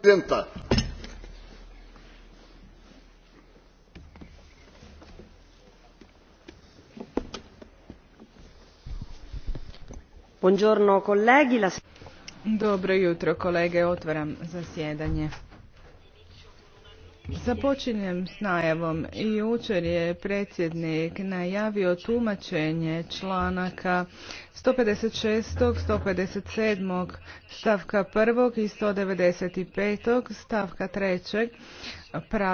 presidenta. Dobro jutro kolege, otvaram zasjedanje. Započinjem s najavom. Jučer je predsjednik najavio tumačenje članaka 156. 157. stavka 1. i 195. stavka 3. prava.